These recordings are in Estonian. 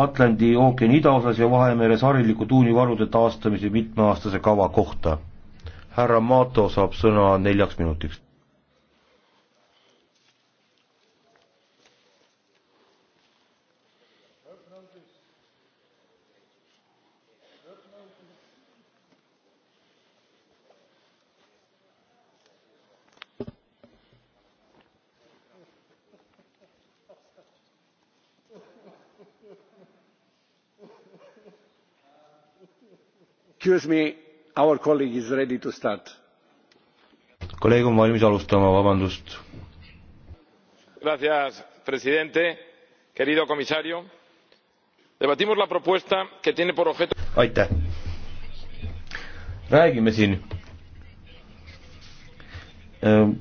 Atlandi ookeani idaosas ja Vahemeres hariliku tuunivarude taastamise mitmeaastase kava kohta. härra Mato saab sõna neljaks minutiks Excuse me, our colleague is ready to start. kolleeg on valmis alustama, vabandust. Gracias, presidente, querido comisario. Debatimos la propuesta que tiene por objeto. aitäh. räägime siin ähm,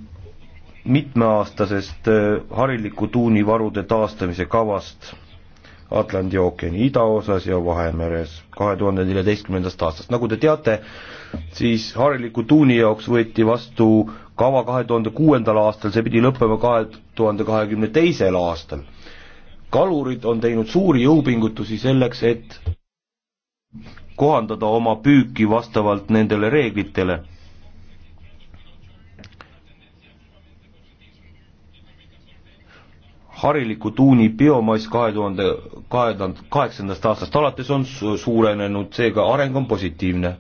mitmeaastasest äh, hariliku tuunivarude taastamise kavast Atlandi ookeani idaosas ja Vahemeres kahe tuhande neljateistkümnendast aastast. nagu te teate, siis hariliku tuuni jaoks võeti vastu kava kahe tuhande kuuendal aastal, see pidi lõppema kahe tuhande kahekümne teisel aastal. kalurid on teinud suuri jõupingutusi selleks, et kohandada oma püüki vastavalt nendele reeglitele hariliku tuuni biomass kahe tuhande kahekümne kaheksandast aastast alates on suurenenud, seega areng on positiivne.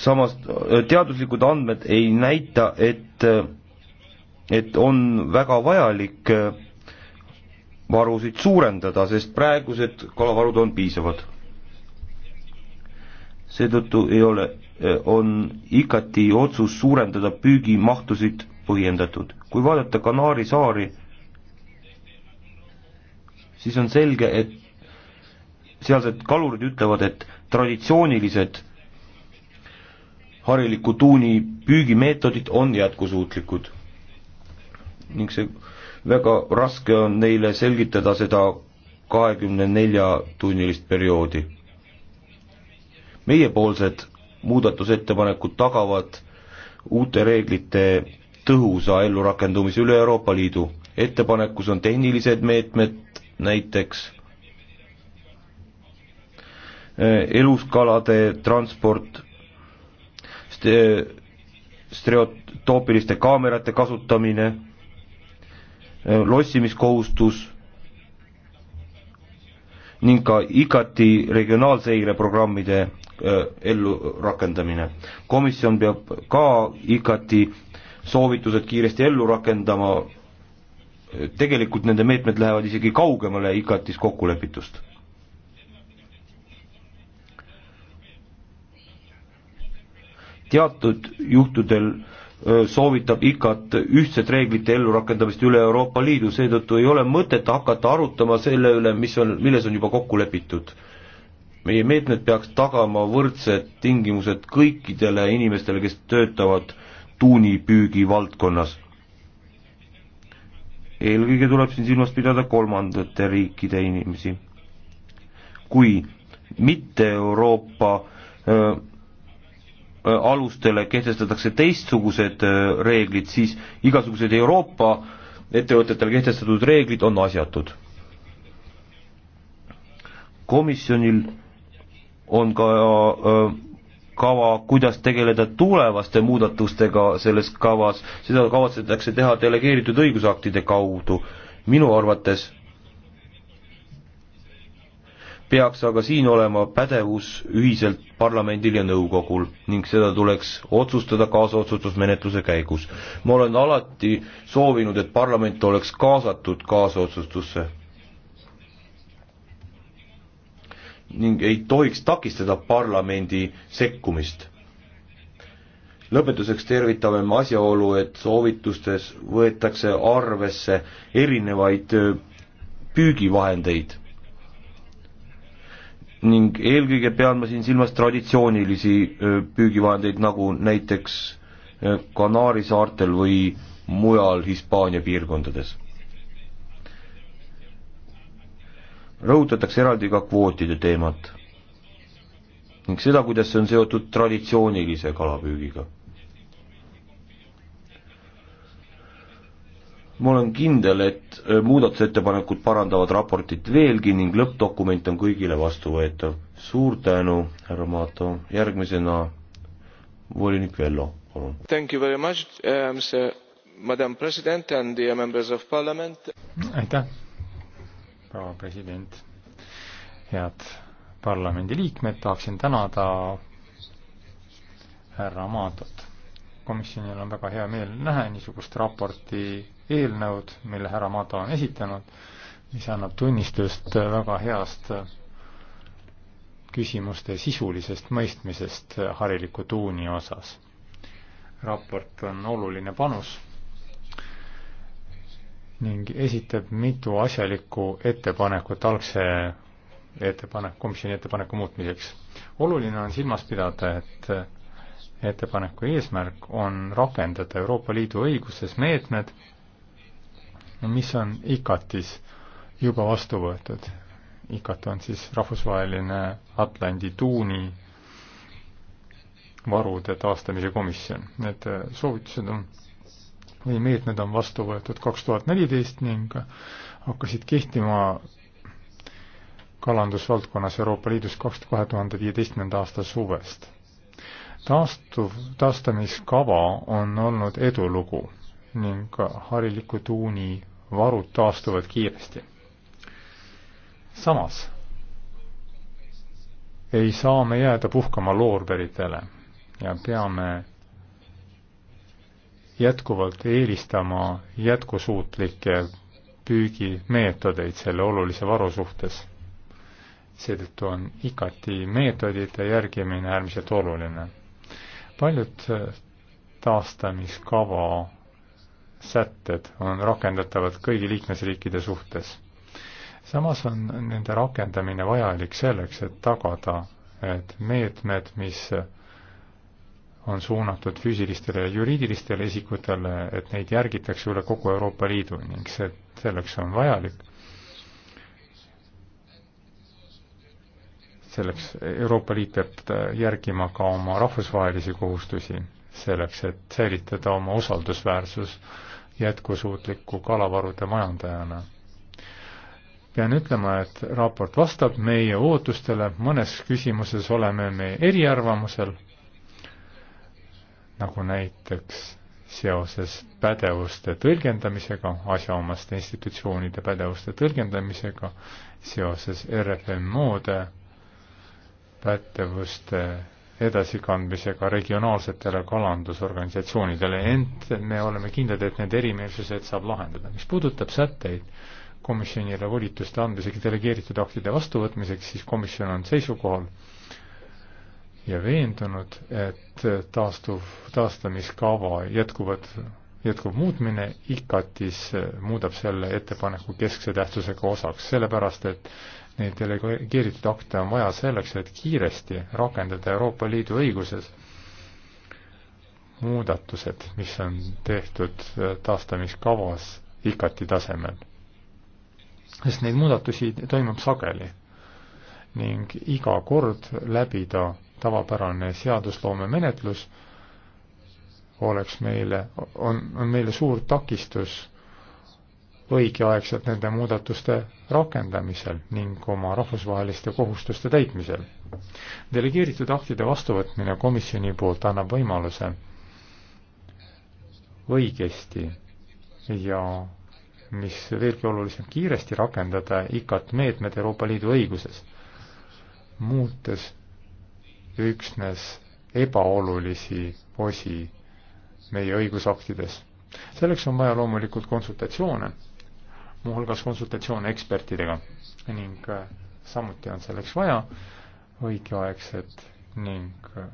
samas teaduslikud andmed ei näita, et, et on väga vajalik varusid suurendada, sest praegused kalavarud on piisavad seetõttu ei ole, eh, on igati otsus suurendada püügimahtusid põhjendatud. kui vaadata Kanaari saari, siis on selge, et sealsed kalurid ütlevad, et traditsioonilised hariliku tuuni püügimeetodid on jätkusuutlikud. ning see väga raske on neile selgitada seda kahekümne nelja tunnilist perioodi meiepoolsed muudatusettepanekud tagavad uute reeglite tõhusa ellurakendumise üle Euroopa Liidu. ettepanekus on tehnilised meetmed, näiteks äh, eluskalade transport, stereotoopiliste kaamerate kasutamine, äh, lossimiskohustus ning ka igati regionaalseire programmide Äh, ellurakendamine. komisjon peab ka IKT-i soovitused kiiresti ellu rakendama, tegelikult nende meetmed lähevad isegi kaugemale IKT-s kokkulepitust. teatud juhtudel äh, soovitab IKAT ühtset reeglite ellurakendamist üle Euroopa Liidu, seetõttu ei ole mõtet hakata arutama selle üle, mis on, milles on juba kokku lepitud meie meetmed peaks tagama võrdsed tingimused kõikidele inimestele, kes töötavad tuunipüügi valdkonnas. eelkõige tuleb siin silmas pidada kolmandate riikide inimesi. kui mitte Euroopa öö, alustele kehtestatakse teistsugused reeglid, siis igasugused Euroopa ettevõtetele kehtestatud reeglid on asjatud. komisjonil on ka kava, kuidas tegeleda tulevaste muudatustega selles kavas, seda kavatsetakse teha delegeeritud õigusaktide kaudu. minu arvates peaks aga siin olema pädevus ühiselt parlamendil ja nõukogul ning seda tuleks otsustada kaasotsustusmenetluse käigus. ma olen alati soovinud, et parlament oleks kaasatud kaasotsustusse ning ei tohiks takistada parlamendi sekkumist. lõpetuseks tervitame me asjaolu, et soovitustes võetakse arvesse erinevaid püügivahendeid. ning eelkõige pean ma siin silmas traditsioonilisi püügivahendeid, nagu näiteks Kanaari saartel või mujal Hispaania piirkondades rõhutatakse eraldi ka kvootide teemat ning seda, kuidas see on seotud traditsioonilise kalapüügiga. ma olen kindel, et äh, muudatusettepanekud parandavad raportit veelgi ning lõppdokument on kõigile vastuvõetav. suur tänu, härra Maato, järgmisena volinik Vello, palun. Thank you very much uh,, madam president and the members of parliament. aitäh proua president, head parlamendiliikmed, tahaksin tänada härra Maadot. komisjonil on väga hea meel näha niisugust raporti eelnõud, mille härra Maado on esitanud, mis annab tunnistust väga heast küsimuste sisulisest mõistmisest hariliku tuuni osas. raport on oluline panus ning esitab mitu asjalikku ettepanekut algse ettepanek, komisjoni ettepaneku muutmiseks. oluline on silmas pidada, et ettepaneku eesmärk on rakendada Euroopa Liidu õiguses meetmed, mis on ICAT-is juba vastu võetud. ICAT on siis rahvusvaheline Atlandi tuuni varude taastamise komisjon. Need soovitused on kui meetmed on vastu võetud kaks tuhat neliteist ning hakkasid kehtima kalandusvaldkonnas Euroopa Liidus kaks, kahe tuhande viieteistkümnenda aasta suvest. taastuv, taastamiskava on olnud edulugu ning hariliku tuuni varud taastuvad kiiresti. samas ei saa me jääda puhkama loorberitele ja peame jätkuvalt eelistama jätkusuutlikke püügimeetodeid selle olulise varu suhtes. seetõttu on igati meetodite järgimine äärmiselt oluline. paljud äh, taastamiskava sätted on rakendatavad kõigi liikmesriikide suhtes. samas on nende rakendamine vajalik selleks, et tagada, et meetmed, mis on suunatud füüsilistele ja juriidilistele isikutele, et neid järgitakse üle kogu Euroopa Liidu ning see, selleks on vajalik. selleks Euroopa Liit peab äh, järgima ka oma rahvusvahelisi kohustusi, selleks et säilitada oma usaldusväärsus jätkusuutliku kalavarude majandajana pean ütlema, et raport vastab meie ootustele, mõnes küsimuses oleme me eriarvamusel nagu näiteks seoses pädevuste tõlgendamisega, asjaomaste institutsioonide pädevuste tõlgendamisega, seoses RFMO-de pädevuste edasikandmisega regionaalsetele kalandusorganisatsioonidele, ent me oleme kindlad, et need erimeelsused saab lahendada. mis puudutab sätteid komisjonile volituste andmisega delegeeritud aktide vastuvõtmiseks, siis komisjon on seisukohal, ja veendunud, et taastuv, taastamiskava jätkuvad, jätkuv muutmine IKAT-is muudab selle ettepaneku keskse tähtsusega osaks, sellepärast et neid delegeeritud akte on vaja selleks, et kiiresti rakendada Euroopa Liidu õiguses muudatused, mis on tehtud taastamiskavas IKAT-i tasemel. sest neid muudatusi toimub sageli ning iga kord läbida tavapärane seadusloome menetlus oleks meile, on, on meile suur takistus õigeaegselt nende muudatuste rakendamisel ning oma rahvusvaheliste kohustuste täitmisel. delegeeritud aktide vastuvõtmine komisjoni poolt annab võimaluse õigesti ja mis veelgi olulisem, kiiresti rakendada IKAT meetmed Euroopa Liidu õiguses, muutes üksnes ebaolulisi osi meie õigusaktides. selleks on vaja loomulikult konsultatsioone, muuhulgas konsultatsioone ekspertidega ning äh, samuti on selleks vaja õigeaegset ning äh,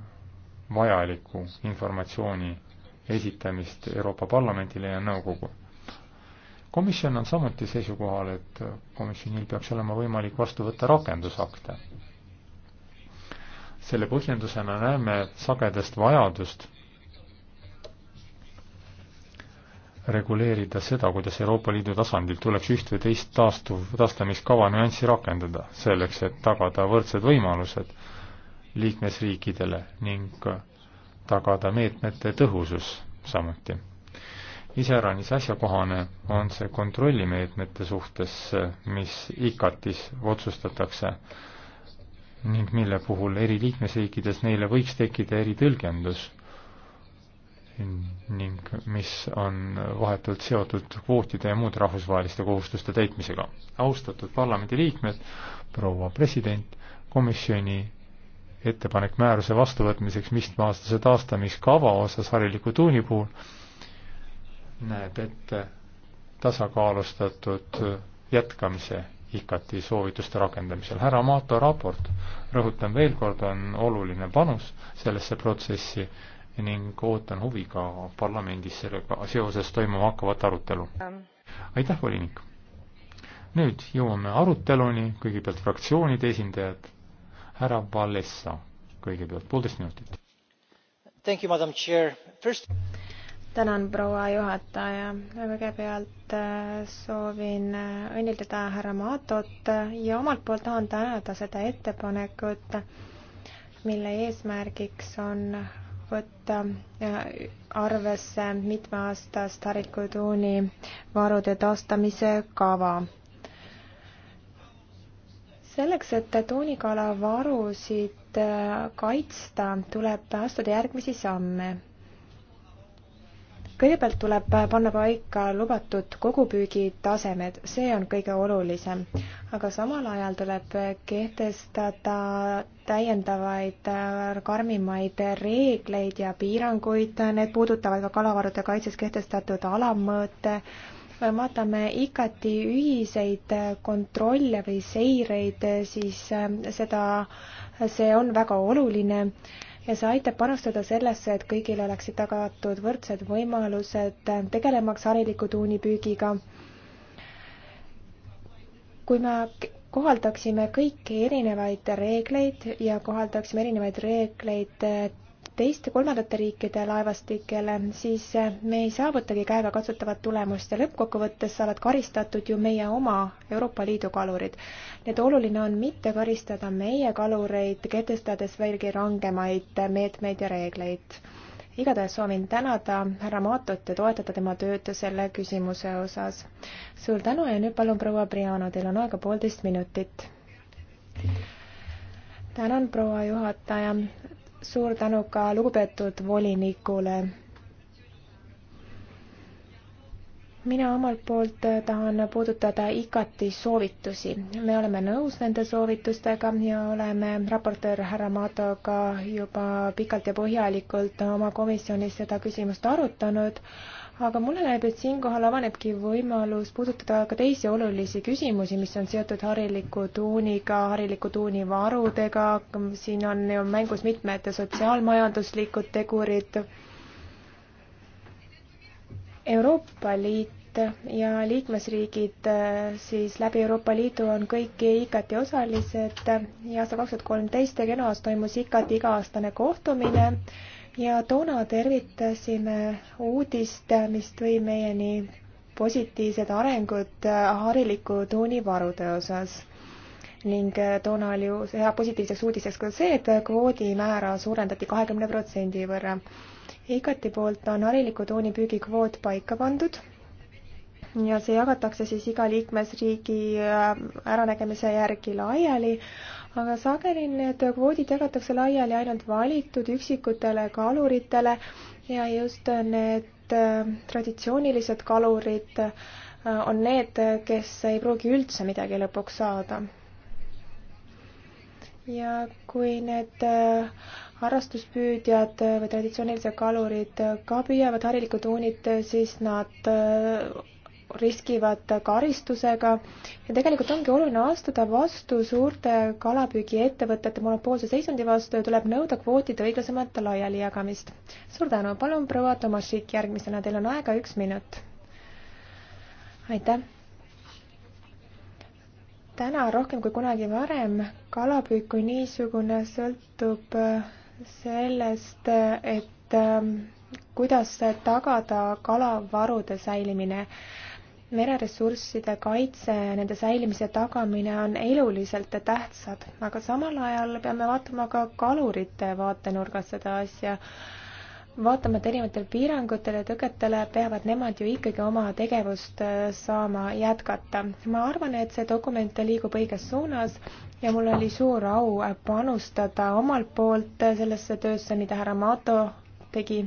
vajaliku informatsiooni esitamist Euroopa Parlamendile ja nõukogu. komisjon on samuti seisukohal, et äh, komisjonil peaks olema võimalik vastu võtta rakendusakte selle põhjendusena näeme sagedast vajadust reguleerida seda, kuidas Euroopa Liidu tasandil tuleks üht või teist taastuv, taastamiskava nüanssi rakendada, selleks et tagada võrdsed võimalused liikmesriikidele ning tagada meetmete tõhusus samuti. iseäranis asjakohane on see kontrollimeetmete suhtes, mis ICAT-is otsustatakse ning mille puhul eri liikmesriikides neile võiks tekkida eri tõlgendus ning mis on vahetult seotud kvootide ja muude rahvusvaheliste kohustuste täitmisega. austatud parlamendiliikmed, proua president, komisjoni ettepanek määruse vastuvõtmiseks mitmeaastase taastamiskava osas hariliku tuuni puhul näeb ette tasakaalustatud jätkamise IKT soovituste rakendamisel. härra Maato raport, rõhutan veel kord, on oluline panus sellesse protsessi ning ootan huviga parlamendis sellega seoses toimuma hakkavat arutelu. aitäh, volinik! nüüd jõuame aruteluni, kõigepealt fraktsioonide esindajad, härra Valessa kõigepealt, poolteist minutit. First tänan, proua juhataja. kõigepealt äh, soovin äh, õnnitleda härra Maatot äh, ja omalt poolt tahan tänada seda ettepanekut, mille eesmärgiks on võtta arvesse mitmeaastast harikutuuni varude taastamise kava. selleks, et tuunikala varusid kaitsta, tuleb astuda järgmisi samme kõigepealt tuleb panna paika lubatud kogupüügi tasemed, see on kõige olulisem. aga samal ajal tuleb kehtestada täiendavaid äh, karmimaid reegleid ja piiranguid, need puudutavad ka kalavarude kaitses kehtestatud alammõõte, vaatame igati ühiseid äh, kontrolle või seireid, äh, siis seda, see on väga oluline ja see aitab panustada sellesse, et kõigile oleksid tagatud võrdsed võimalused tegelemaks hariliku tuunipüügiga. kui me kohaldaksime kõiki erinevaid reegleid ja kohaldaksime erinevaid reegleid teiste kolmandate riikide laevastikele, siis eh, me ei saavutagi käegakatsutavat tulemust ja lõppkokkuvõttes saavad karistatud ju meie oma Euroopa Liidu kalurid. nii et oluline on mitte karistada meie kalureid, kehtestades veelgi rangemaid meetmeid ja reegleid. igatahes soovin tänada härra Maatot ja toetada tema tööd selle küsimuse osas. suur tänu ja nüüd palun, proua Priano, teil on aega poolteist minutit tänan, proua juhataja suur tänu ka lugupeetud volinikule. mina omalt poolt tahan puudutada IKAT-i soovitusi. me oleme nõus nende soovitustega ja oleme raportöör härra Matoga juba pikalt ja põhjalikult oma komisjonis seda küsimust arutanud aga mulle näib, et siinkohal avanebki võimalus puudutada ka teisi olulisi küsimusi, mis on seotud hariliku tuuniga, hariliku tuuni varudega, siin on ju mängus mitmed sotsiaalmajanduslikud tegurid. Euroopa Liit ja liikmesriigid siis läbi Euroopa Liidu on kõik IKT osalised ja aastal kaks tuhat kolmteist Genoas toimus IKT iga-aastane kohtumine ja toona tervitasime uudist, mis tõi meieni positiivsed arengud hariliku toonivarude osas. ning toona oli ju hea positiivseks uudiseks ka see, et kvoodimäära suurendati kahekümne protsendi võrra. igati poolt on hariliku toonipüügi kvoot paika pandud ja see jagatakse siis iga liikmesriigi äranägemise järgi laiali, aga sageli need kvoodid jagatakse laiali ainult valitud üksikutele kaluritele ja just need äh, traditsioonilised kalurid äh, on need, kes ei pruugi üldse midagi lõpuks saada. ja kui need äh, harrastuspüüdjad või traditsioonilised kalurid ka püüavad harilikud uunid, siis nad riskivad karistusega ja tegelikult ongi oluline astuda vastu suurte kalapüügiettevõtete monopoolse seisundi vastu ja tuleb nõuda kvootide õiglasemat laialijagamist. suur tänu, palun proua Tomašik, järgmisena teil on aega üks minut. aitäh. täna rohkem kui kunagi varem kalapüük kui niisugune sõltub äh, sellest, et ähm, kuidas tagada kalavarude säilimine mereressursside kaitse, nende säilimise tagamine on eluliselt tähtsad, aga samal ajal peame vaatama ka kalurite vaatenurgast seda asja. vaatamata erinevatele piirangutele ja tõketele peavad nemad ju ikkagi oma tegevust äh, saama jätkata. ma arvan, et see dokument liigub õiges suunas ja mul oli suur au panustada omalt poolt äh, sellesse töösse, mida härra Mato tegi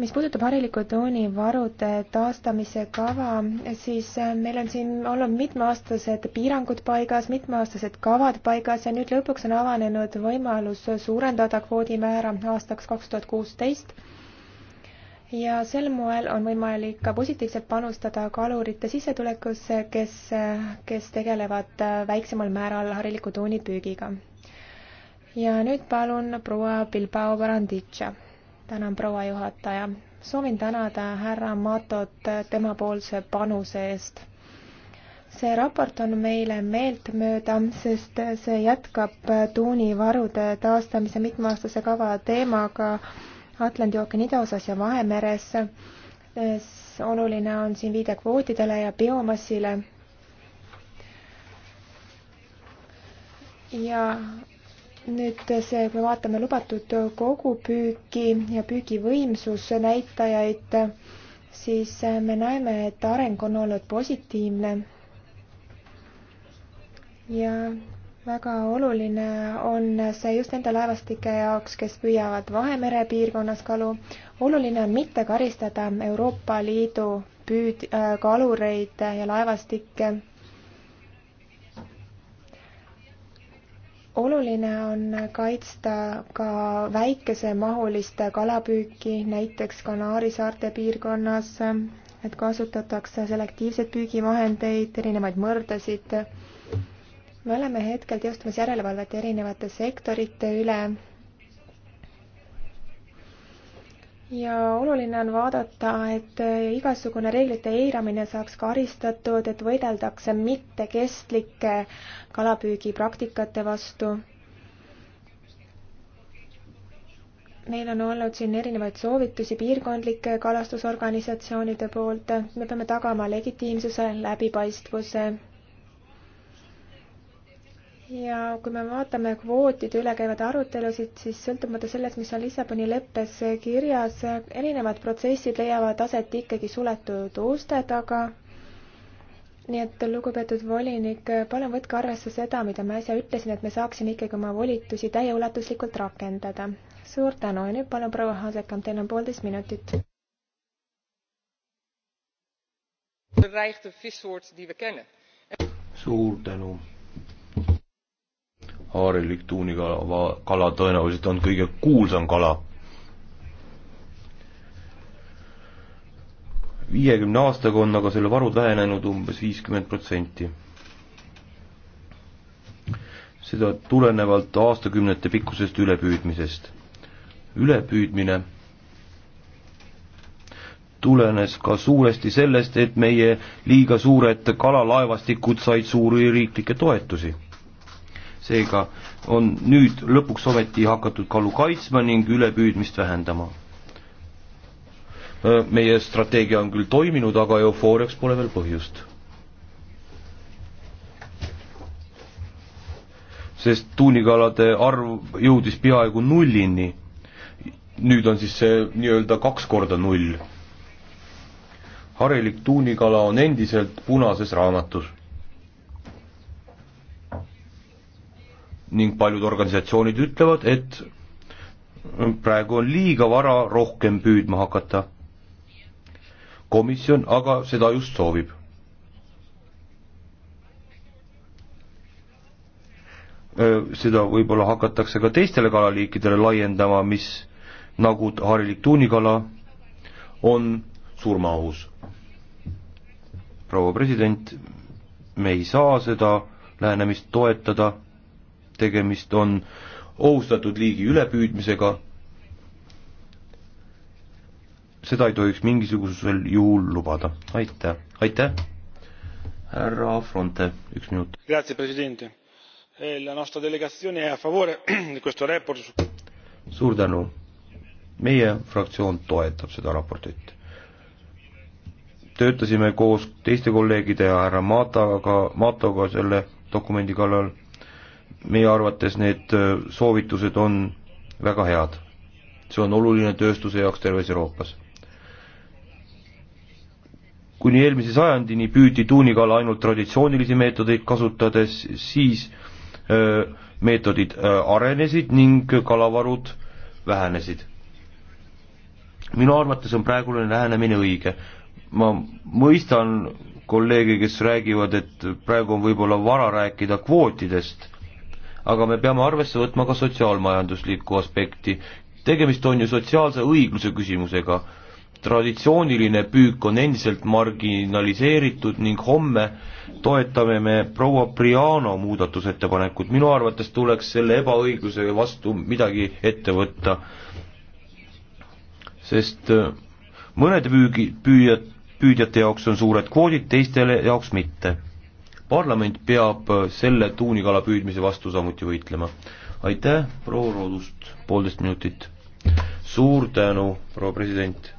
mis puudutab harilikku toonivarude taastamise kava, siis äh, meil on siin olnud mitmeaastased piirangud paigas, mitmeaastased kavad paigas ja nüüd lõpuks on avanenud võimalus suurendada kvoodimäära aastaks kaks tuhat kuusteist. ja sel moel on võimalik ka positiivselt panustada kalurite sissetulekusse, kes, äh, kes tegelevad äh, väiksemal määral hariliku tooni püügiga. ja nüüd palun proua Bilbao Baranditša tänan, proua juhataja. soovin tänada härra Matot temapoolse panuse eest see raport on meile meeltmööda, sest see jätkab tuunivarude taastamise mitmeaastase kava teemaga Atlandi ookeani idaosas ja Vahemeres. oluline on siin viide kvootidele ja biomassile. ja nüüd see, kui me vaatame lubatud kogupüüki ja püügivõimsuse näitajaid, siis me näeme, et areng on olnud positiivne. ja väga oluline on see just nende laevastike jaoks, kes püüavad Vahemere piirkonnas kalu. oluline on mitte karistada Euroopa Liidu püüd-, kalureid ja laevastikke oluline on kaitsta ka väikesemahuliste kalapüüki, näiteks Kanaari saarte piirkonnas, et kasutatakse selektiivseid püügivahendeid, erinevaid mõrdasid. me oleme hetkel teostamas järelevalvet erinevate sektorite üle ja oluline on vaadata, et igasugune reeglite eiramine saaks karistatud, et võideldakse mittekestlike kalapüügipraktikate vastu meil on olnud siin erinevaid soovitusi piirkondlike kalastusorganisatsioonide poolt, me peame tagama legitiimsuse, läbipaistvuse ja kui me vaatame kvootide üle käivaid arutelusid, siis sõltumata sellest, mis on Lissaboni leppes kirjas, erinevad protsessid leiavad aset ikkagi suletud uste taga. nii et lugupeetud volinik, palun võtke arvesse seda, mida ma äsja ütlesin, et me saaksime ikkagi oma volitusi täieulatuslikult rakendada. suur tänu ja nüüd palun proua Haasekam, teil on poolteist minutit. suur tänu harilik tuunikala kala tõenäoliselt on kõige kuulsam kala. viiekümne aastaga on aga selle varud vähenenud umbes viiskümmend protsenti. seda tulenevalt aastakümnete pikkusest ülepüüdmisest. ülepüüdmine tulenes ka suuresti sellest, et meie liiga suured kalalaevastikud said suuri riiklikke toetusi seega on nüüd lõpuks ometi hakatud kalu kaitsma ning ülepüüdmist vähendama. Äh, meie strateegia on küll toiminud, aga eufooriaks pole veel põhjust. sest tuunikalade arv jõudis peaaegu nullini. nüüd on siis see nii-öelda kaks korda null harilik tuunikala on endiselt punases raamatus ning paljud organisatsioonid ütlevad, et praegu on liiga vara rohkem püüdma hakata. komisjon aga seda just soovib. seda võib-olla hakatakse ka teistele kalaliikidele laiendama, mis nagu harilik tuunikala on surmaohus. proua president, me ei saa seda lähenemist toetada tegemist on ohustatud liigi ülepüüdmisega, seda ei tohiks mingisugusel juhul lubada. aitäh, aitäh, härra Fronte, üks minut. Eh, suur tänu, meie fraktsioon toetab seda raportit töötasime koos teiste kolleegide ja härra Mataga, Matoga selle dokumendi kallal meie arvates need äh, soovitused on väga head. see on oluline tööstuse jaoks terves Euroopas. kuni eelmise sajandini püüti tuunikala ainult traditsioonilisi meetodeid kasutades, siis öö, äh, meetodid öö, äh, arenesid ning kalavarud vähenesid. minu arvates on praegune lähenemine õige. ma mõistan kolleege, kes räägivad, et praegu on võib-olla vara rääkida kvootidest aga me peame arvesse võtma ka sotsiaalmajanduslikku aspekti. tegemist on ju sotsiaalse õigluse küsimusega. traditsiooniline püük on endiselt marginaliseeritud ning homme toetame me proua Priano muudatusettepanekut, minu arvates tuleks selle ebaõigluse vastu midagi ette võtta. sest äh, mõnede püügi, püüjad, püüdjate jaoks on suured kvoodid, teistele jaoks mitte parlament peab äh, selle tuunikala püüdmise vastu samuti võitlema. aitäh, proua Roodust, poolteist minutit. suur tänu, proua president.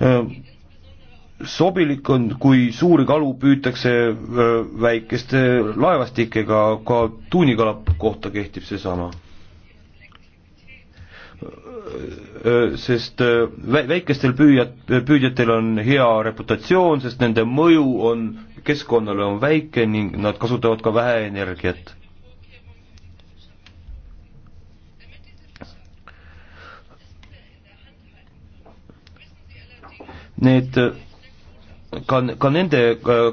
Äh, sobilik on, kui suuri kalu püütakse äh, väikeste laevastikega, ka tuunikala kohta kehtib seesama sest väikestel püüjat, püüdjatel on hea reputatsioon, sest nende mõju on keskkonnale on väike ning nad kasutavad ka vähe energiat. Need, ka, ka nende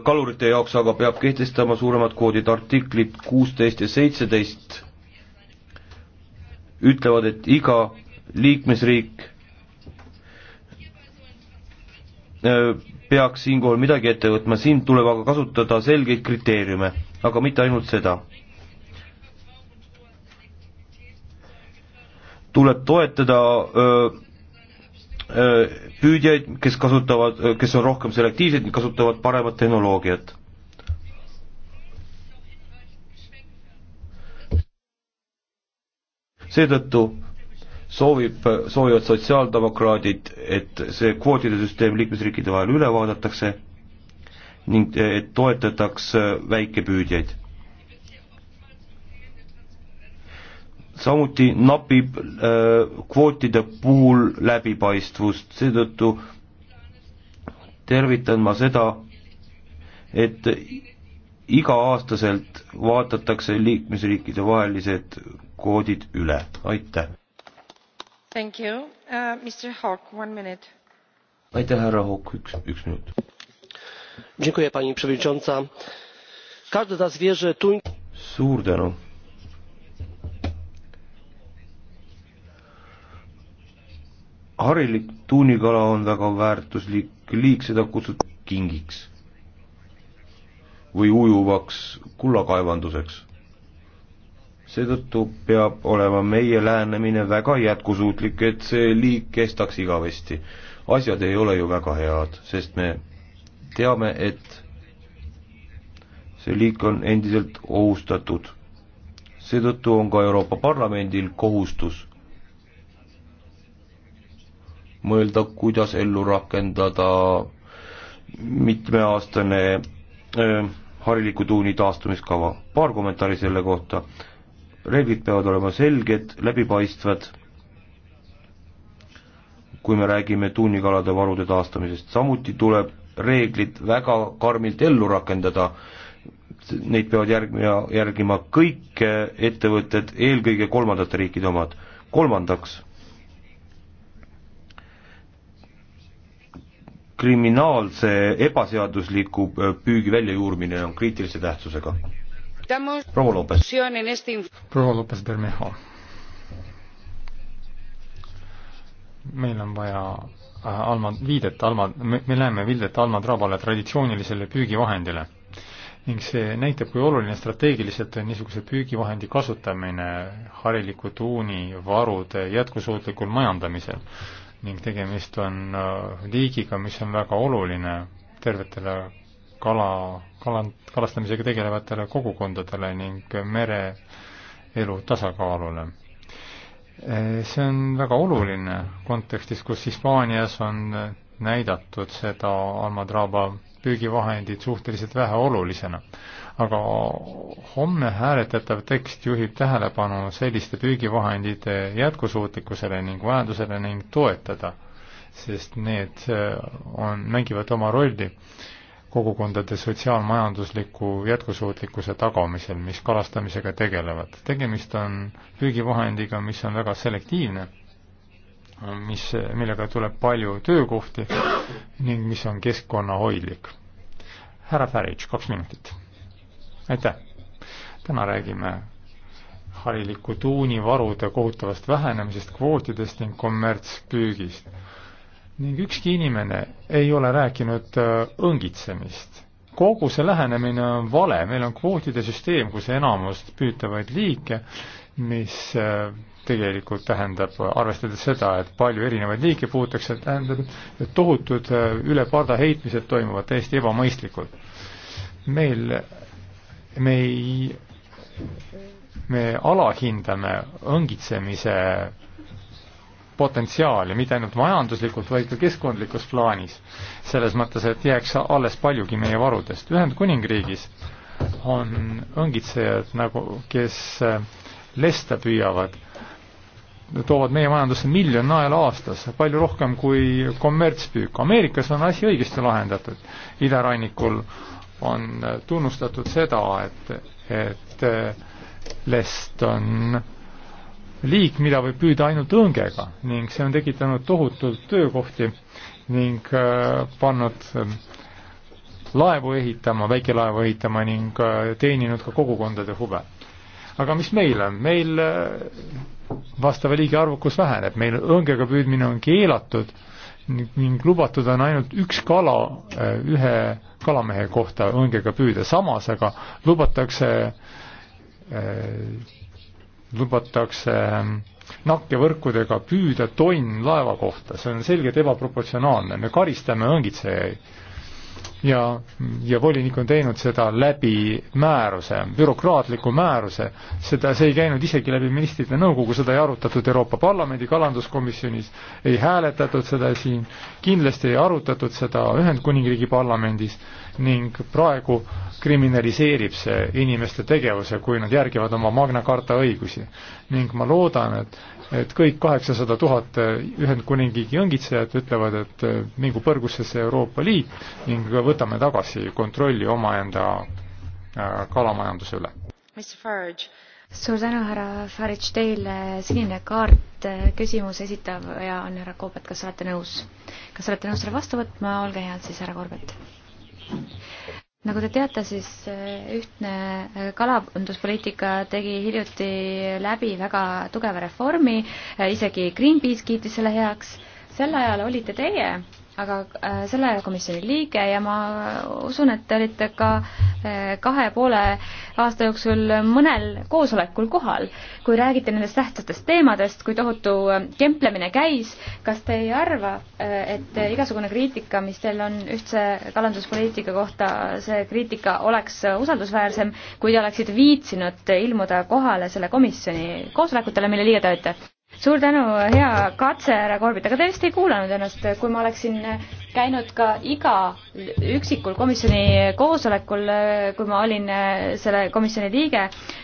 kalurite jaoks aga peab kehtestama suuremad kvoodid, artiklid kuusteist ja seitseteist ütlevad, et iga liikmesriik öö, peaks siinkohal midagi ette võtma, siin tuleb aga kasutada selgeid kriteeriume, aga mitte ainult seda. tuleb toetada öö, öö, püüdjaid, kes kasutavad, kes on rohkem selektiivsed, kasutavad paremat tehnoloogiat seetõttu soovib, soovivad sotsiaaldemokraadid, et see kvootide süsteem liikmesriikide vahel üle vaadatakse ning et toetataks äh, väikepüüdjaid. samuti napib äh, kvootide puhul läbipaistvust, seetõttu tervitan ma seda, et iga-aastaselt vaadatakse liikmesriikide vahelised koodid üle, aitäh! Uh, pani przewodnicząca! każde za zwierzę tuń. suur tänu. harilik tuunikala on väga väärtuslik liik, seda kutsutakse kingiks või ujuvaks kullakaevanduseks seetõttu peab olema meie lähenemine väga jätkusuutlik, et see liik kestaks igavesti. asjad ei ole ju väga head, sest me teame, et see liik on endiselt ohustatud. seetõttu on ka Euroopa Parlamendil kohustus mõelda, kuidas ellu rakendada mitmeaastane äh, hariliku tuuni taastumiskava. paar kommentaari selle kohta reeglid peavad olema selged, läbipaistvad, kui me räägime tunnikalade varude taastamisest, samuti tuleb reeglid väga karmilt ellu rakendada, neid peavad järgima, järgima kõik ettevõtted, eelkõige kolmandate riikide omad. kolmandaks, kriminaalse ebaseadusliku püügi väljajuurimine on kriitilise tähtsusega proua Lopes. proua Lopes Bermejo. meil on vaja äh, Alma, viidet Alma, me näeme viidet Alma Trabale traditsioonilisele püügivahendile ning see näitab, kui oluline strateegiliselt on niisuguse püügivahendi kasutamine hariliku tuuni varude jätkusuutlikul majandamisel. ning tegemist on äh, liigiga, mis on väga oluline tervetele kala, kala, kalastamisega tegelevatele kogukondadele ning mereelu tasakaalule. see on väga oluline kontekstis, kus Hispaanias on näidatud seda almadraaba püügivahendit suhteliselt väheolulisena. aga homme hääletatav tekst juhib tähelepanu selliste püügivahendite jätkusuutlikkusele ning vajadusele ning toetada, sest need on, mängivad oma rolli äh, kogukondade sotsiaalmajandusliku jätkusuutlikkuse tagamisel, mis kalastamisega tegelevad. tegemist on püügivahendiga, mis on väga selektiivne, mis, millega tuleb palju töökohti ning mis on keskkonnahoidlik. härra Farage, kaks minutit. aitäh! täna räägime hariliku tuunivarude kohutavast vähenemisest, kvootidest ning kommertspüügist ning ükski inimene ei ole rääkinud äh, õngitsemist. kogu see lähenemine on vale, meil on kvootide süsteem, kus enamust püütavaid liike, mis äh, tegelikult tähendab, arvestades seda, et palju erinevaid liike puudutakse, tähendab, et tohutud äh, üle parda heitmised toimuvad täiesti ebamõistlikult. meil, me ei, me alahindame õngitsemise potentsiaali, mitte ainult majanduslikult, vaid ka keskkondlikus plaanis. selles mõttes, et jääks alles paljugi meie varudest. Ühendkuningriigis on õngitsejad nagu, kes äh, lesta püüavad, toovad meie majandusse miljon naela aastas, palju rohkem kui kommertspüük. Ameerikas on asi õigesti lahendatud. idarannikul on äh, tunnustatud seda, et, et äh, lest on liik, mida võib püüda ainult õngega ning see on tekitanud tohutult töökohti ning äh, pannud ähm, laevu ehitama, väikelaevu ehitama ning äh, teeninud ka kogukondade huve. aga mis meil on, meil äh, vastava liigi arvukus väheneb, meil õngega püüdmine on keelatud ning lubatud on ainult üks kala ühe kalamehe kohta õngega püüda, samas aga lubatakse lubatakse ähm, nakkevõrkudega püüda tonn laeva kohta, see on selgelt ebaproportsionaalne, me karistame õngitsejaid. ja, ja volinik on teinud seda läbi määruse, bürokraatliku määruse, seda, see ei käinud isegi läbi ministrite nõukogu, seda ei arutatud Euroopa Parlamendi kalanduskomisjonis, ei hääletatud seda siin, kindlasti ei arutatud seda Ühendkuningriigi parlamendis ning praegu kriminaliseerib see inimeste tegevuse, kui nad järgivad oma Magna Carta õigusi. ning ma loodan, et, et kõik kaheksasada tuhat Ühendkuningriigi õngitsejat ütlevad, et mingu põrgusesse Euroopa Liit ning võtame tagasi kontrolli omaenda äh, kalamajanduse üle. suur tänu, härra Farage, teile sinine kaart, äh, küsimuse esitav ja on härra Koobet, kas olete nõus? kas olete nõus selle vastu võtma, olge head siis, härra Korbet nagu te teate, siis eh, ühtne eh, kalanduspoliitika tegi hiljuti läbi väga tugeva reformi, eh, isegi Greenpeace kiitis selle heaks. sel ajal olite teie aga äh, selle komisjoni liige ja ma usun, et te olite ka äh, kahe poole aasta jooksul mõnel koosolekul kohal, kui räägiti nendest tähtsatest teemadest, kui tohutu äh, kemplemine käis, kas te ei arva, et igasugune kriitika, mis teil on ühtse kalanduspoliitika kohta, see kriitika oleks usaldusväärsem, kui te oleksite viitsinud ilmuda kohale selle komisjoni koosolekutele, mille liige te olete? suur tänu, hea katse, härra Korbit, aga te vist ei kuulanud ennast, kui ma oleksin käinud ka iga üksikul komisjoni koosolekul, kui ma olin selle komisjoni liige,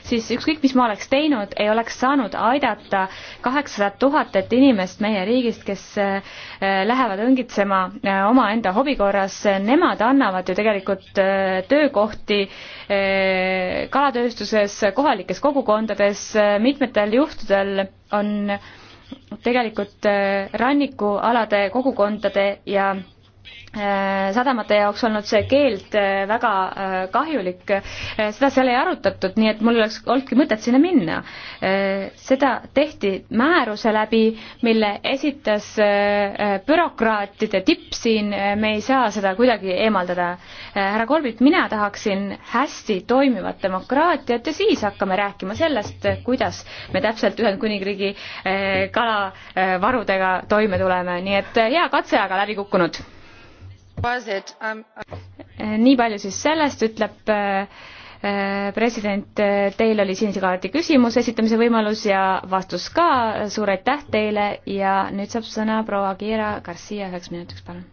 siis ükskõik, mis ma oleks teinud, ei oleks saanud aidata kaheksasadat tuhatet inimest meie riigist, kes äh, lähevad õngitsema äh, omaenda hobi korras, nemad annavad ju tegelikult äh, töökohti kalatööstuses, kohalikes kogukondades, mitmetel juhtudel on tegelikult rannikualade kogukondade ja Äh, sadamate jaoks olnud see keeld äh, väga äh, kahjulik, seda seal ei arutatud, nii et mul oleks olnudki mõtet sinna minna. seda tehti määruse läbi, mille esitas bürokraatide tipp siin, me ei saa seda kuidagi eemaldada. härra Kolbit, mina tahaksin hästi toimivat demokraatiat ja siis hakkame rääkima sellest, kuidas me täpselt Ühendkuningriigi kalavarudega toime tuleme, nii et hea katse, aga läbi kukkunud nii palju siis sellest, ütleb äh, äh, president, teil oli sinise kaardi küsimuse esitamise võimalus ja vastus ka, suur aitäh teile ja nüüd saab sõna proua Kiira Garcia üheks minutiks, palun.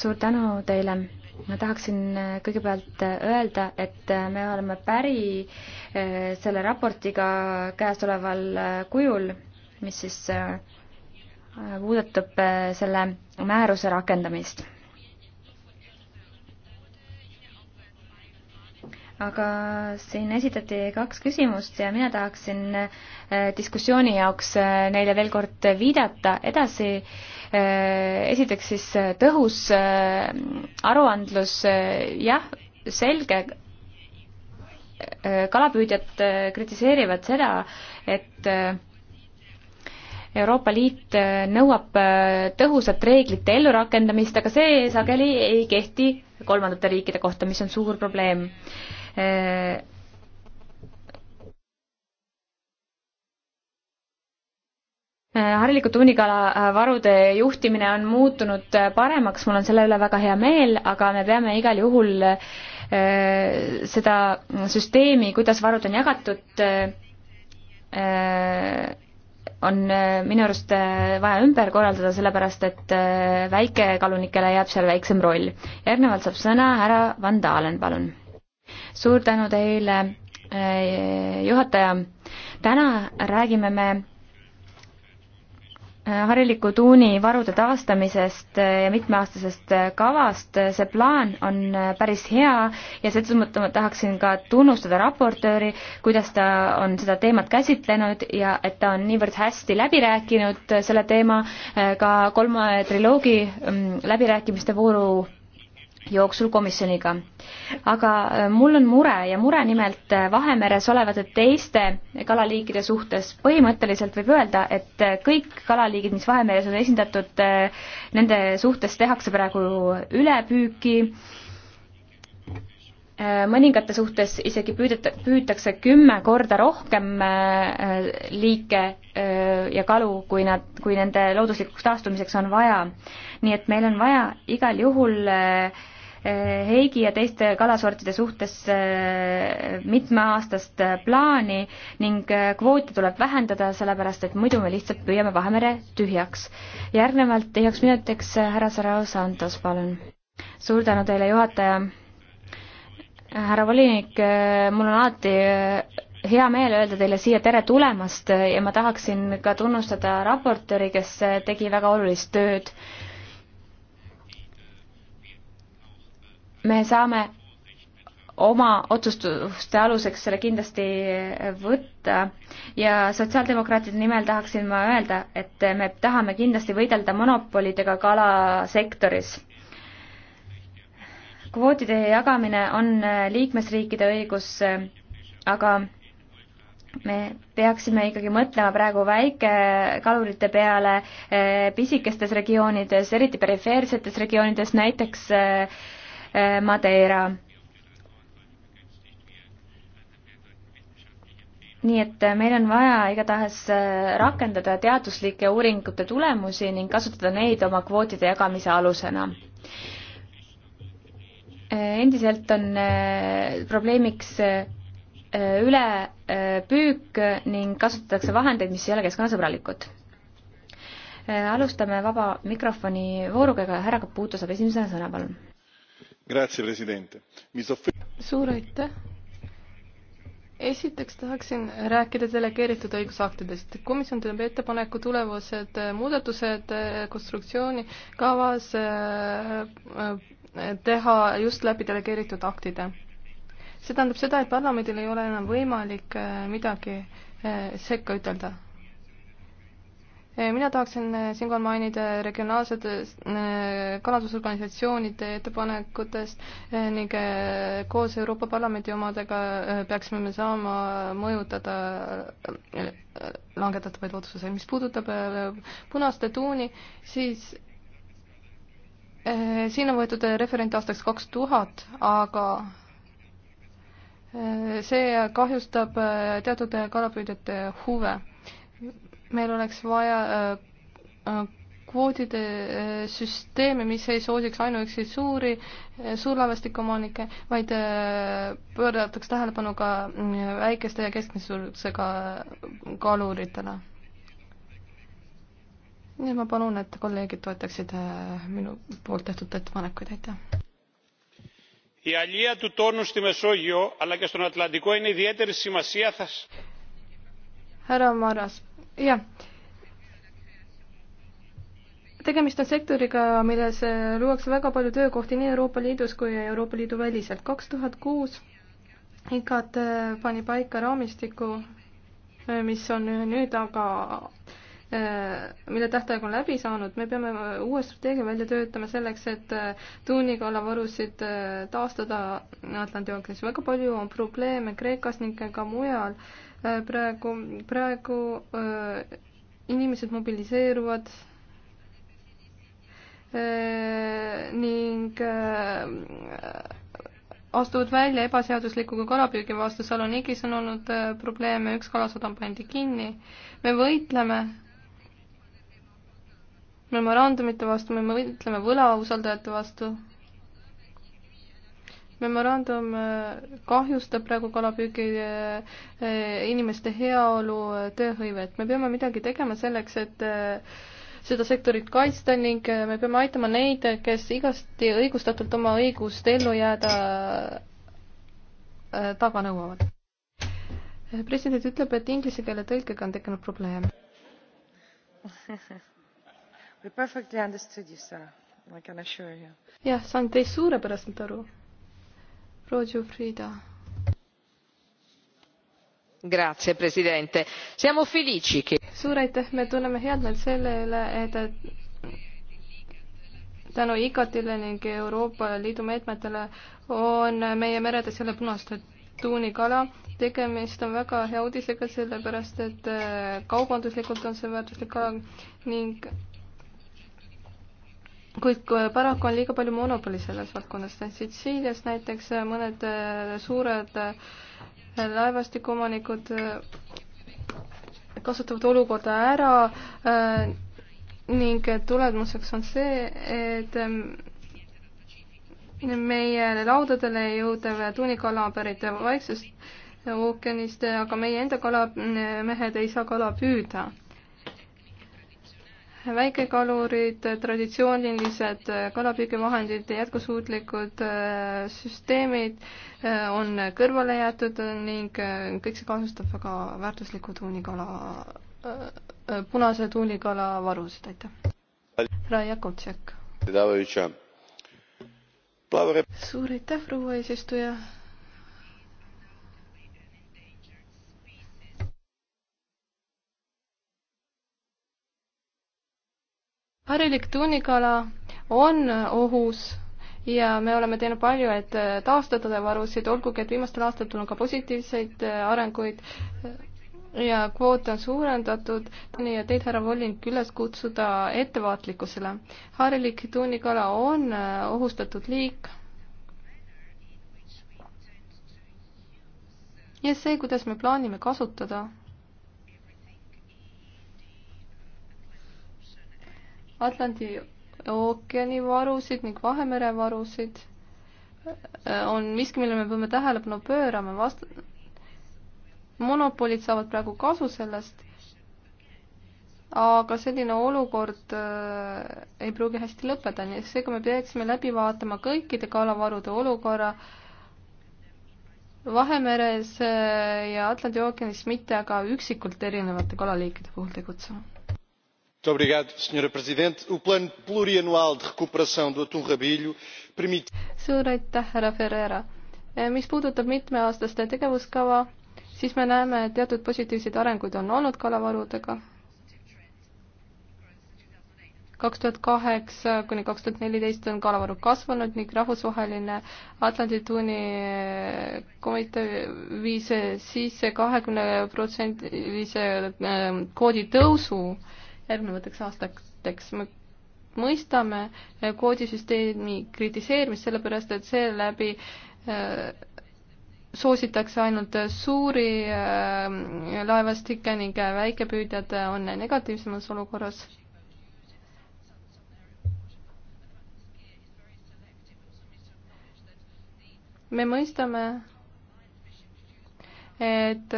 suur tänu teile ma tahaksin äh, kõigepealt öelda, et me oleme päri selle raportiga käesoleval kujul mis siis äh, puudutab äh, selle määruse rakendamist. aga siin esitati kaks küsimust ja mina tahaksin äh, diskussiooni jaoks neile veel kord viidata edasi. esiteks siis tõhus aruandlus, jah, selge, kalapüüdjad kritiseerivad seda, et Euroopa Liit äh, nõuab äh, tõhusat reeglite ellurakendamist, aga see sageli ei kehti kolmandate riikide kohta, mis on suur probleem. Äh, harilikku tunnikala varude juhtimine on muutunud paremaks, mul on selle üle väga hea meel, aga me peame igal juhul seda süsteemi, kuidas varud on jagatud, on äh, minu arust äh, vaja ümber korraldada, sellepärast et äh, väikekalunikele jääb seal väiksem roll. järgnevalt saab sõna härra Van Dalen, palun. suur tänu teile, juhataja. täna räägime me Äh, hariliku tuuni varude taastamisest äh, ja mitmeaastasest äh, kavast, see plaan on päris hea ja selles mõttes ma tahaksin ka tunnustada raportööri, kuidas ta on seda teemat käsitlenud ja et ta on niivõrd hästi läbi rääkinud selle teema ka kolme triloogi mm, läbirääkimiste vooru jooksul komisjoniga. aga äh, mul on mure ja mure nimelt äh, Vahemeres olevate teiste kalaliikide suhtes. põhimõtteliselt võib öelda, et äh, kõik kalaliigid, mis Vahemeres on esindatud, nende suhtes tehakse praegu ülepüüki Äh, mõningate suhtes isegi püüdeta, püütakse kümme korda rohkem äh, liike äh, ja kalu, kui nad, kui nende looduslikuks taastumiseks on vaja. nii et meil on vaja igal juhul Heigi ja teiste kalasortide suhtes mitmeaastast plaani ning kvoote tuleb vähendada, sellepärast et muidu me lihtsalt püüame Vahemere tühjaks. järgnevalt üheks minutiks härra Sarao Santos, palun. suur tänu teile, juhataja härra volinik, mul on alati hea meel öelda teile siia tere tulemast ja ma tahaksin ka tunnustada raportööri, kes tegi väga olulist tööd. me saame oma otsustuste aluseks selle kindlasti võtta ja sotsiaaldemokraatide nimel tahaksin ma öelda, et me tahame kindlasti võidelda monopolidega kalasektoris kvootide jagamine on äh, liikmesriikide õigus, äh, aga me peaksime ikkagi mõtlema praegu väikekalurite peale äh, pisikestes regioonides, eriti perifeersetes regioonides, näiteks Madeira. nii et meil on vaja igatahes rakendada teaduslike uuringute tulemusi ning kasutada neid oma kvootide jagamise alusena Eh, endiselt on eh, probleemiks eh, ülepüük ning kasutatakse vahendeid, mis ei ole keskkonnasõbralikud. alustame vaba mikrofoni vooruga, härra Caputo saab esimesena sõna, palun. suur aitäh esiteks tahaksin rääkida delegeeritud õigusaktidest. komisjon teeb ettepaneku tulevased muudatused konstruktsioonikavas teha just läbi delegeeritud aktide. see tähendab seda, et parlamendil ei ole enam võimalik äh, midagi äh, sekka ütelda. Äh, mina tahaksin siinkohal mainida regionaalsete kalandusorganisatsioonide ettepanekutest ning koos Euroopa Parlamendi omadega peaksime me saama mõjutada langetatavaid otsuseid. mis puudutab punast tuuni, siis Äh, siin on võetud äh, referent aastaks kaks tuhat, aga äh, see kahjustab teatud kalapüüdjate huve. meil oleks vaja kvoodide süsteemi, mis ei soosiks ainuüksi suuri, suurlaevastikuomanikke, vaid pöörataks tähelepanu ka mm, väikeste ja keskmise suurusega kaluritele ja ma palun, et kolleegid toetaksid äh, minu poolt tehtud ettepanekuid, aitäh. Η αλία του τόνου στη Μεσόγειο αλλά και στον Ατλαντικό είναι ιδιαίτερη σημασία. Härra Maras, jah. tegemist on sektoriga, milles äh, luuakse väga palju töökohti nii Euroopa Liidus kui Euroopa Liidu väliselt. kaks tuhat kuus IKT äh, pani paika raamistiku, mis on nüüd aga Äh, mille tähtaeg on läbi saanud, me peame äh, uue strateegia välja töötama selleks, et äh, tuunikallavarusid taastada Atlandi ookeanis. väga palju on probleeme Kreekas ning ka mujal. praegu, praegu inimesed mobiliseeruvad ning astuvad välja ebaseadusliku kalapüügi vastu. Salonikis on olnud probleeme, üks kalasadam pandi kinni. me võitleme memorandumite vastu, me võitleme võlausaldajate vastu. memorandum eh, kahjustab praegu kalapüügi eh, eh, inimeste heaolu, tööhõivet. me peame midagi tegema selleks, et seda sektorit kaitsta ning me peame aitama neid, kes igasti õigustatult oma õigust ellu jääda taga nõuavad. president ütleb, et inglise keele tõlkega on tekkinud probleem jah, saan teist suurepäraselt aru. Roger Frida signor presidente siamo felici che. suur aitäh me tunneme heameelt selle üle et tänu icatile ning euroopa liidu meetmetele on meie meredes jälle punast tuunikala tegemist on väga hea uudisega sellepärast et äh, kaubanduslikult on see väärtuslik kala ning kuid paraku on liiga palju monopoli selles valdkonnas, Sitsiilias näiteks mõned äh, suured äh, laevastikuomanikud äh, kasutavad olukorda ära ning tulemuseks on see, et meie laudadele jõudev tunnikala on pärit Vaiksest ookeanist, aga meie enda kalamehed ei saa kala püüda väikekalurid, traditsioonilised kalapüügivahendid, jätkusuutlikud äh, süsteemid äh, on kõrvale jäetud ning äh, kõik see kahjustab väga väärtuslikku tuunikala, punase tuunikala varusid, aitäh. härra Jakobtšek. suur aitäh, proua eesistuja harilik tunnikala on ohus ja me oleme teinud palju, et taastada varusid, olgugi et viimastel aastatel on ka positiivseid äh, arenguid äh, ja kvoote on suurendatud, nii et teid, härra volinik, üles kutsuda ettevaatlikkusele. harilik tunnikala on äh, ohustatud liik. ja see, kuidas me plaanime kasutada Atlandi ookeani varusid ning Vahemere varusid äh, on miski, millele me peame tähelepanu pöörama, vast-, monopolid saavad praegu kasu sellest, aga selline olukord äh, ei pruugi hästi lõppeda, nii et seega me peaksime läbi vaatama kõikide kalavarude olukorra Vahemeres äh, ja Atlandi ookeanis, mitte aga üksikult erinevate kalaliikide puhul tegutsema senhora presidente o plano plurianual de recuperação do atum rabilho permite. suur aitäh härra ferreira! Eh, mis puudutab mitmeaastast tegevuskava siis me näeme et teatud positiivseid arenguid on olnud kalavarudega. kaks tuhat kaheksa kuni kaks tuhat neliteist on kalavaru kasvanud ning rahvusvaheline Atlandi tunni eh, komitee viis eh, sisse kahekümne protsendilise kvoodi tõusu äh, järgnevateks aastateks. me mõistame eh, koodisüsteemi kritiseerimist, sellepärast et seeläbi eh, soositakse ainult suuri eh, laevastikke ning väikepüüdjad on negatiivsemas olukorras. me mõistame, et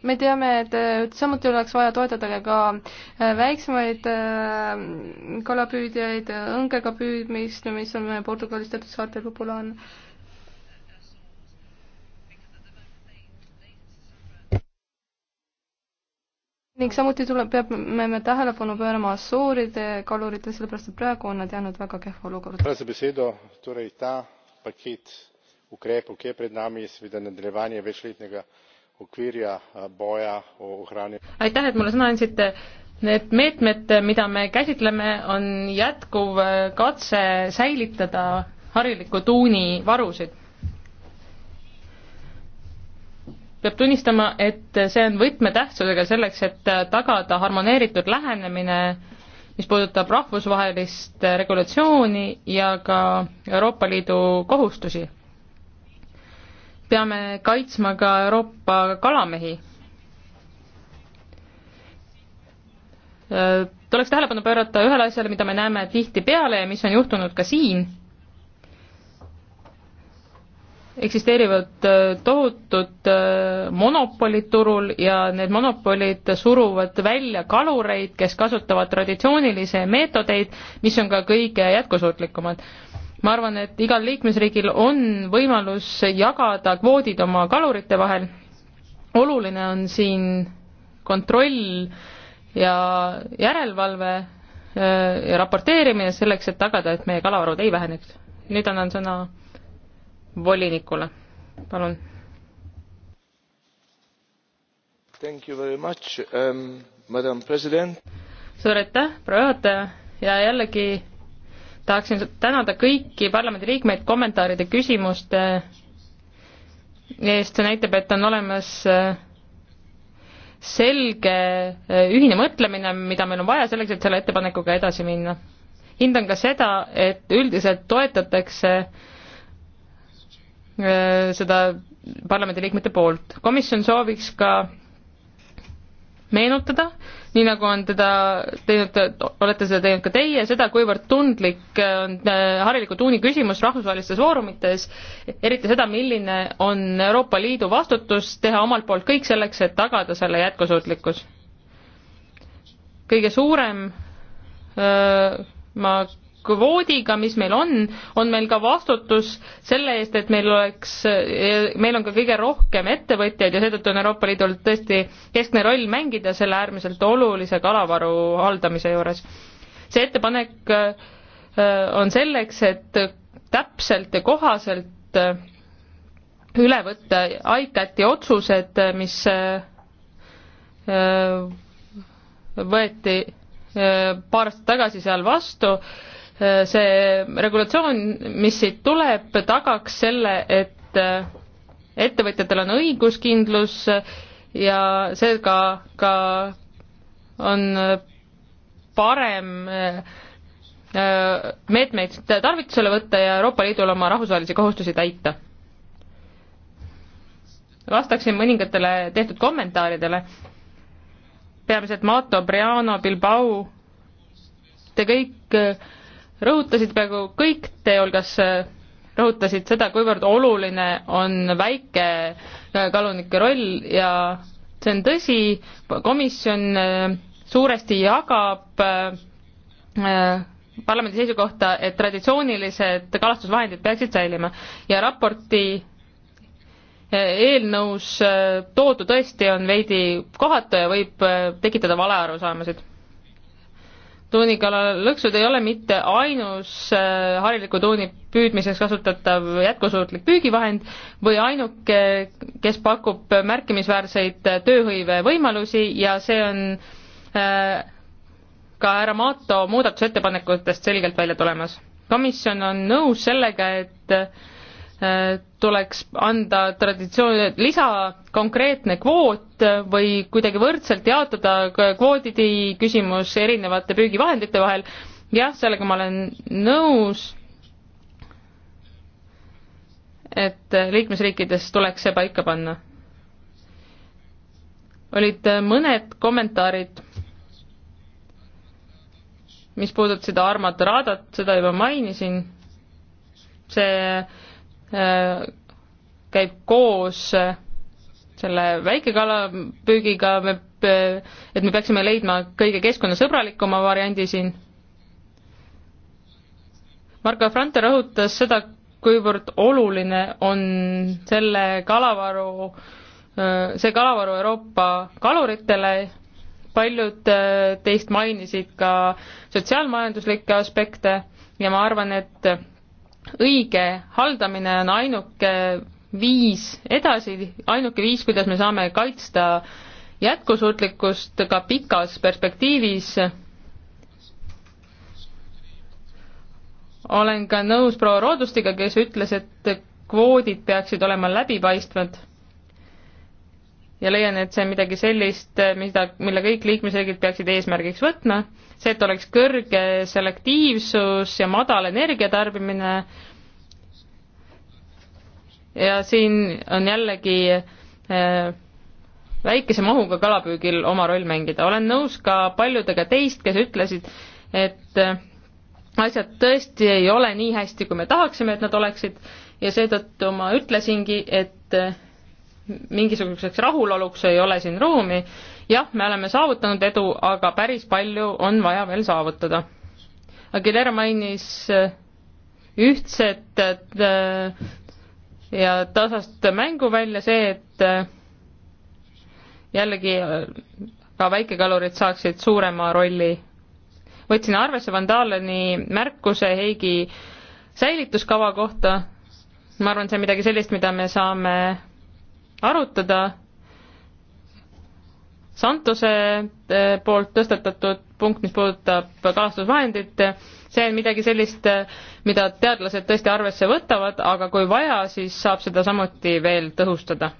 me teame, et samuti oleks vaja toetada ka äh, väiksemaid äh, kalapüüdjaid, äh, õngega püüdmist, mis on Portugalis teatud saartel populaarne. ning samuti tuleb, peab me, me tähelepanu pöörama Assuuride kaluritele, sellepärast et praegu on nad jäänud väga kehva olukorda. hvala za besedo, torej ta pakett ukrepov, ki je pred nami, je seveda nadaljevanje večletnega okvirja eh, boja aitäh, et mulle sõna andsite. Need meetmed, mida me käsitleme, on jätkuv eh, katse säilitada harilikku tuuni varusid. peab tunnistama, et see on võtmetähtsusega selleks, et tagada harmoneeritud lähenemine, mis puudutab rahvusvahelist eh, regulatsiooni ja ka Euroopa Liidu kohustusi peame kaitsma ka Euroopa kalamehi. Äh, tuleks tähelepanu pöörata ühele asjale, mida me näeme tihtipeale ja mis on juhtunud ka siin. eksisteerivad äh, tohutud äh, monopolid turul ja need monopolid suruvad välja kalureid, kes kasutavad traditsioonilisi meetodeid, mis on ka kõige jätkusuutlikumad ma arvan, et igal liikmesriigil on võimalus jagada kvoodid oma kalurite vahel. oluline on siin kontroll ja järelevalve äh, ja raporteerimine selleks, et tagada, et meie kalavarud ei väheneks. nüüd annan sõna volinikule, palun. Thank you very much um,, madam president. suur aitäh, proua juhataja ja jällegi tahaksin tänada kõiki parlamendiliikmeid kommentaaride, küsimuste eest, see näitab, et on olemas äh, selge äh, ühine mõtlemine, mida meil on vaja selleks, et selle ettepanekuga edasi minna. hindan ka seda, et üldiselt toetatakse äh, seda parlamendiliikmete poolt. komisjon sooviks ka meenutada, nii nagu on teda teinud, olete seda teinud ka teie, seda, kuivõrd tundlik on äh, hariliku tuuni küsimus rahvusvahelistes foorumites, eriti seda, milline on Euroopa Liidu vastutus teha omalt poolt kõik selleks, et tagada selle jätkusuutlikkus. kõige suurem öö, äh, ma kvoodiga, mis meil on, on meil ka vastutus selle eest, et meil oleks, meil on ka kõige rohkem ettevõtjaid ja seetõttu on Euroopa Liidul tõesti keskne roll mängida selle äärmiselt olulise kalavaru haldamise juures. see ettepanek äh, on selleks, et täpselt ja kohaselt äh, üle võtta ICAT-i otsused, mis äh, võeti paar aastat tagasi seal vastu Äh, see regulatsioon, mis siit tuleb, tagaks selle, et äh, ettevõtjatel on õiguskindlus äh, ja seega ka on parem meetmeid tarvitusele võtta ja Euroopa Liidul oma rahvusvahelisi kohustusi täita. vastaksin mõningatele tehtud kommentaaridele, peamiselt Mato, Briano, Bilbao, te kõik rõhutasid peaaegu kõik teie hulgas, rõhutasid seda, kuivõrd oluline on väikekalunike äh, roll ja see on tõsi, komisjon äh, suuresti jagab äh, parlamendi seisukohta, et traditsioonilised kalastusvahendid peaksid säilima ja raporti eelnõus toodu tõesti on veidi kohatu ja võib tekitada valearusaamasid tuunikala lõksud ei ole mitte ainus äh, hariliku tuuni püüdmiseks kasutatav jätkusuutlik püügivahend või ainuke, kes pakub märkimisväärseid äh, tööhõive võimalusi ja see on äh, ka härra Maato muudatusettepanekutest selgelt välja tulemas. komisjon on nõus sellega, et tuleks anda traditsioon, lisa konkreetne kvoot või kuidagi võrdselt jaotada kvoodidi küsimus erinevate püügivahendite vahel. jah, sellega ma olen nõus, et liikmesriikides tuleks see paika panna. olid mõned kommentaarid, mis puudutasid Armat Radat, seda juba mainisin, see Äh, käib koos äh, selle väikekalapüügiga, me, äh, et me peaksime leidma kõige keskkonnasõbralikuma variandi siin. Marko Frante rõhutas seda, kuivõrd oluline on selle kalavaru, see kalavaru Euroopa kaluritele, paljud teist mainisid ka sotsiaalmajanduslikke aspekte ja ma arvan, et õige haldamine on ainuke viis edasi, ainuke viis, kuidas me saame kaitsta jätkusuutlikkust ka pikas perspektiivis. olen ka nõus proua Roodustiga, kes ütles, et kvoodid peaksid olema läbipaistvad ja leian, et see on midagi sellist, mida, mille kõik liikmesriigid peaksid eesmärgiks võtma, see, et oleks kõrge selektiivsus ja madal energiatarbimine ja siin on jällegi äh, väikese mahuga kalapüügil oma roll mängida. olen nõus ka paljudega teist, kes ütlesid, et äh, asjad tõesti ei ole nii hästi, kui me tahaksime, et nad oleksid ja seetõttu ma ütlesingi, et äh, mingisuguseks rahuloluks ei ole siin ruumi. jah, me oleme saavutanud edu, aga päris palju on vaja veel saavutada. Aguilera mainis äh, ühtset äh, ja tasast mängu välja see, et äh, jällegi ka väikekalurid saaksid suurema rolli. võtsin arvesse Vandaleni märkuse Heigi säilituskava kohta. ma arvan, et see on midagi sellist, mida me saame arutada Santose eh, poolt tõstatatud punkt, mis puudutab kalastusvahendit, see on midagi sellist, mida teadlased tõesti arvesse võtavad, aga kui vaja, siis saab seda samuti veel tõhustada.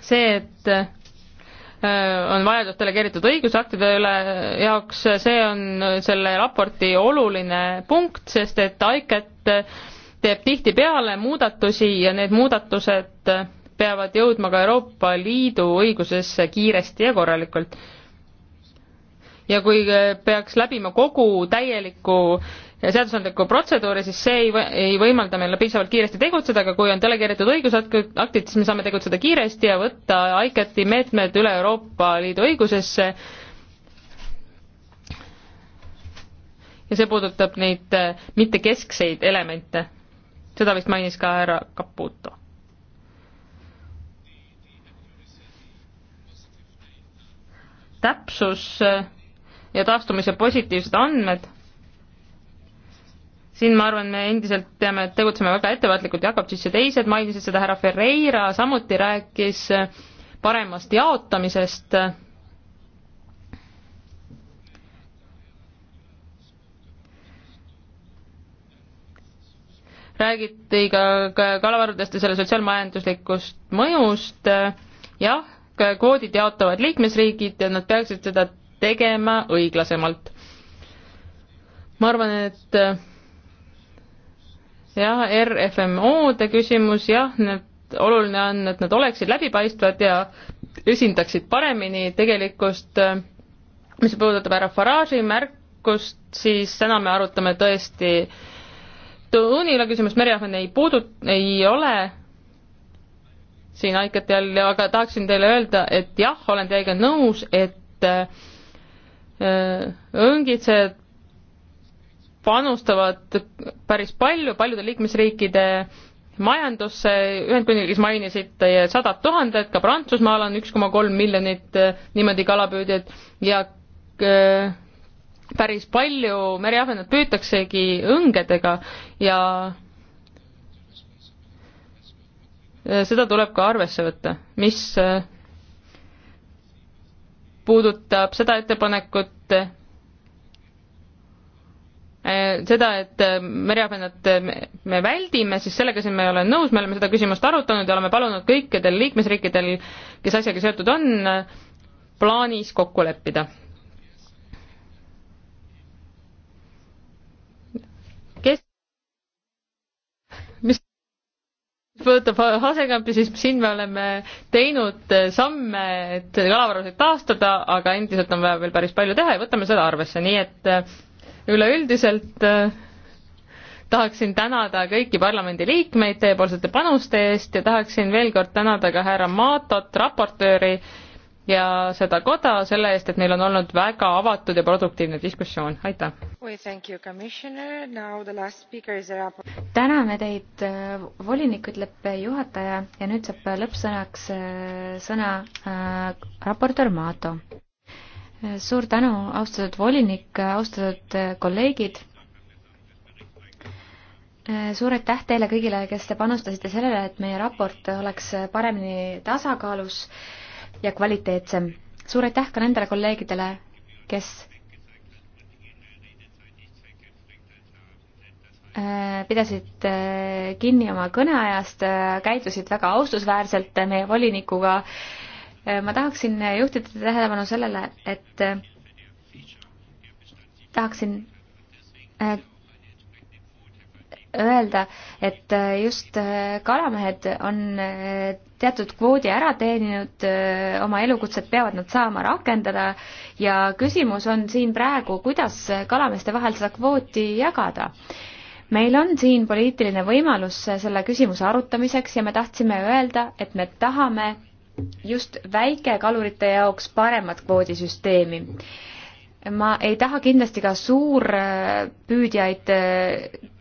see, et eh, on vajadus delegeeritud õigusaktide üle jaoks, see on selle raporti oluline punkt, sest et ICAT teeb tihtipeale muudatusi ja need muudatused peavad jõudma ka Euroopa Liidu õigusesse kiiresti ja korralikult. ja kui peaks läbima kogu täieliku seadusandliku protseduuri, siis see ei, või, ei võimalda meil piisavalt kiiresti tegutseda, aga kui on delegeeritud õigusaktid, siis me saame tegutseda kiiresti ja võtta ICAT-i meetmed üle Euroopa Liidu õigusesse. ja see puudutab neid mittekeskseid elemente seda vist mainis ka härra Caputo. täpsus äh, ja taastumise positiivsed andmed, siin ma arvan, me endiselt peame, tegutseme väga ettevaatlikult, Jakob siis ja teised mainisid seda, härra Ferreira samuti rääkis äh, paremast jaotamisest äh, räägiti ka kalavarudest ja selle sotsiaalmajanduslikust mõjust, jah, kvoodid jaotavad liikmesriigid ja nad peaksid seda tegema õiglasemalt. ma arvan, et jah, RFMO-de küsimus, jah, need, oluline on, et nad oleksid läbipaistvad ja esindaksid paremini tegelikkust, mis puudutab härra Farage'i märkust, siis täna me arutame tõesti äh, Tunile küsimus Merjahven ei puudu-, ei ole siin haiget jälle, aga tahaksin teile öelda, et jah, olen teiega nõus, et äh, õngitsejad panustavad päris palju paljude liikmesriikide majandusse, Ühendkuningriigis mainisite sadat tuhandet, ka Prantsusmaal on üks koma kolm miljonit äh, niimoodi kalapüüdjaid ja äh, päris palju merjahvenat püütaksegi õngedega ja seda tuleb ka arvesse võtta, mis puudutab seda ettepanekut, seda, et mereahvenat me väldime, siis sellega siin me ei ole nõus, me oleme seda küsimust arutanud ja oleme palunud kõikidel liikmesriikidel, kes asjaga seotud on, plaanis kokku leppida puudutab Hasekampi, siis siin me oleme teinud samme, et kalavarusid taastada, aga endiselt on vaja veel päris palju teha ja võtame seda arvesse, nii et äh, üleüldiselt äh, tahaksin tänada kõiki parlamendiliikmeid teiepoolsete panuste eest ja tahaksin veel kord tänada ka härra Maatot, raportööri ja seda koda selle eest, et meil on olnud väga avatud ja produktiivne diskussioon, aitäh! täname teid, äh, volinik ütleb juhataja ja nüüd saab lõppsõnaks äh, sõna äh, raportöör Maato. Äh, suur tänu, austatud volinik, austatud kolleegid suur aitäh teile kõigile, kes te panustasite sellele, et meie raport oleks paremini tasakaalus ja kvaliteetsem. suur aitäh ka nendele kolleegidele, kes äh, pidasid äh, kinni oma kõneajast, äh, käitusid väga austusväärselt meie volinikuga. ma tahaksin juhtida tähelepanu sellele, et tahaksin öelda, et äh, just äh, kalamehed on äh, teatud kvoodi ära teeninud, oma elukutset peavad nad saama rakendada ja küsimus on siin praegu, kuidas kalameeste vahel seda kvooti jagada meil on siin poliitiline võimalus selle küsimuse arutamiseks ja me tahtsime öelda, et me tahame just väikekalurite jaoks paremat kvoodisüsteemi. ma ei taha kindlasti ka suurpüüdjaid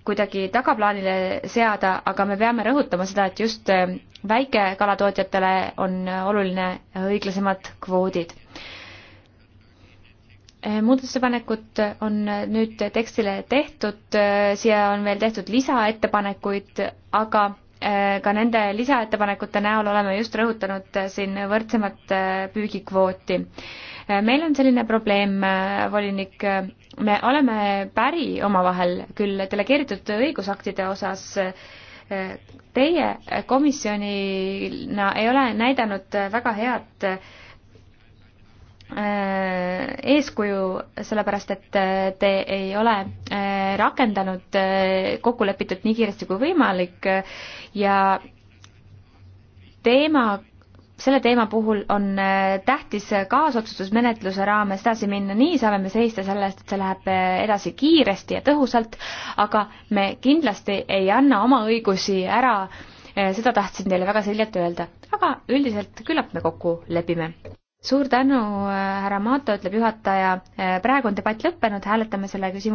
kuidagi tagaplaanile seada, aga me peame rõhutama seda, et just äh, väikekalatootjatele on oluline õiglasemad kvoodid. Äh, muudatusepanekud on nüüd tekstile tehtud, äh, siia on veel tehtud lisaettepanekuid, aga ka nende lisaettepanekute näol oleme just rõhutanud siin võrdsemat püügikvooti. meil on selline probleem, volinik me oleme päri omavahel küll delegeeritud õigusaktide osas, teie komisjonina ei ole näidanud väga head äh, eeskuju, sellepärast et te ei ole äh, rakendanud äh, kokkulepitut nii kiiresti kui võimalik ja teema selle teema puhul on äh, tähtis äh, kaasotsustusmenetluse raames edasi minna, nii saame me seista selle eest, et see läheb äh, edasi kiiresti ja tõhusalt, aga me kindlasti ei anna oma õigusi ära, seda tahtsin teile väga selgelt öelda. aga üldiselt küllap me kokku lepime suur tänu, härra Maato, ütleb juhataja. praegu on debatt lõppenud, hääletame selle küsimuse